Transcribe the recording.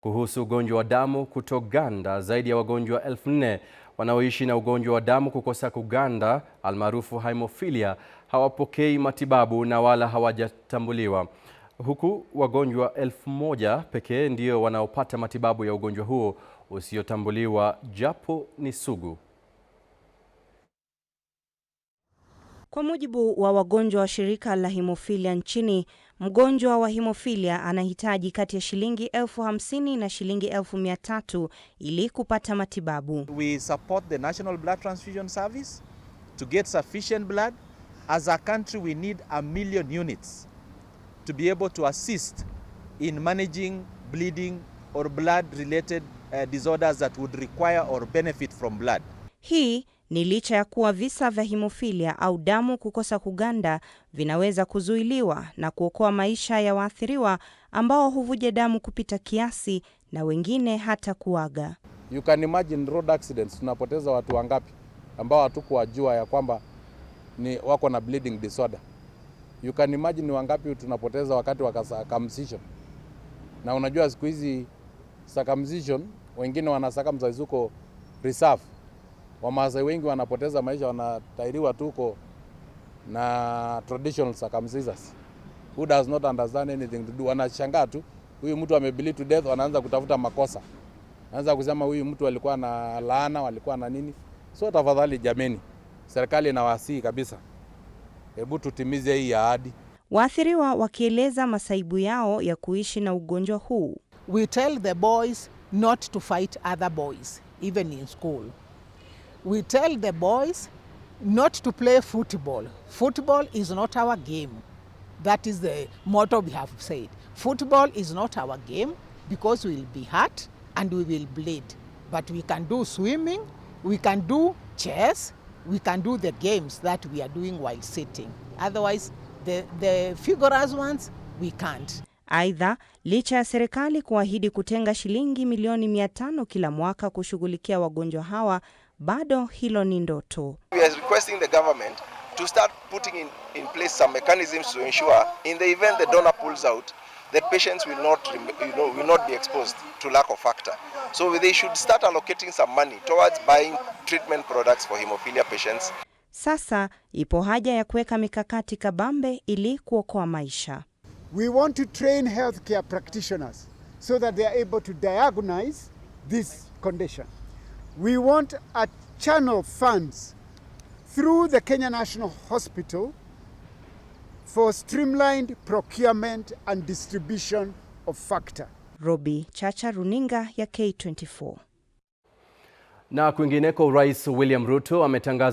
kuhusu ugonjwa wa damu kutoganda. Zaidi ya wagonjwa elfu nne wanaoishi na ugonjwa wa damu kukosa kuganda almaarufu hemophilia hawapokei matibabu na wala hawajatambuliwa, huku wagonjwa elfu moja pekee ndio wanaopata matibabu ya ugonjwa huo usiotambuliwa japo ni sugu. Kwa mujibu wa wagonjwa wa shirika la himofilia nchini, mgonjwa wa himofilia anahitaji kati ya shilingi elfu hamsini na shilingi elfu mia tatu ili kupata matibabu. We support the National Blood Transfusion Service to get sufficient blood. As a country we need a million units to be able to assist in managing bleeding or blood related uh, disorders that would require or benefit from blood. Hii ni licha ya kuwa visa vya himofilia au damu kukosa kuganda vinaweza kuzuiliwa na kuokoa maisha ya waathiriwa ambao huvuja damu kupita kiasi na wengine hata kuaga. You can imagine road accidents, tunapoteza watu wangapi ambao hatukuwajua ya kwamba ni wako na bleeding disorder. You can imagine wangapi tunapoteza wakati wa circumcision. Na unajua siku hizi circumcision wengine wana circumcise huko reserve Wamaasai wengi wanapoteza maisha, wanatairiwa tuko na traditional circumcisors who does not understand anything to do. Wanashangaa tu, huyu mtu amebelieve to death, wanaanza kutafuta makosa, anaanza kusema huyu mtu alikuwa na laana, walikuwa na nini. So tafadhali, jameni, serikali inawasihi kabisa, hebu tutimize hii ahadi. Waathiriwa wakieleza masaibu yao ya kuishi na ugonjwa huu. We tell the boys not to fight other boys even in school we tell the boys not to play football. Football is not our game. That is the motto we have said. Football is not our game because we will be hurt and we will bleed. But we can do swimming, we can do chess, we can do the games that we are doing while sitting. Otherwise, the, the figurous ones, we can't. Aidha, licha ya serikali kuahidi kutenga shilingi milioni mia tano kila mwaka kushughulikia wagonjwa hawa bado hilo ni ndoto. We are requesting the government to start putting in, in place some mechanisms to ensure in the event the donor pulls out that patients will not, you know, will not be exposed to lack of factor. So they should start allocating some money towards buying treatment products for hemophilia patients. Sasa ipo haja ya kuweka mikakati kabambe ili kuokoa maisha. We want to train healthcare practitioners so that they are able to diagnose this condition. We want a channel funds through the Kenya National Hospital for streamlined procurement and distribution of factor. Robi Chacha, Runinga ya K24. Na kwingineko, Rais William Ruto ametangaza